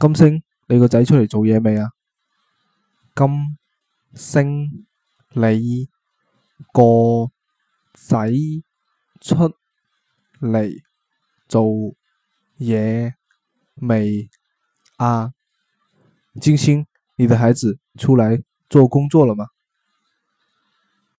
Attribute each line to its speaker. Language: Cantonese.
Speaker 1: 金星，你個仔出嚟做嘢未啊？金星，你個仔出嚟做嘢未啊？金星，你的孩子出來
Speaker 2: 做工作了嗎？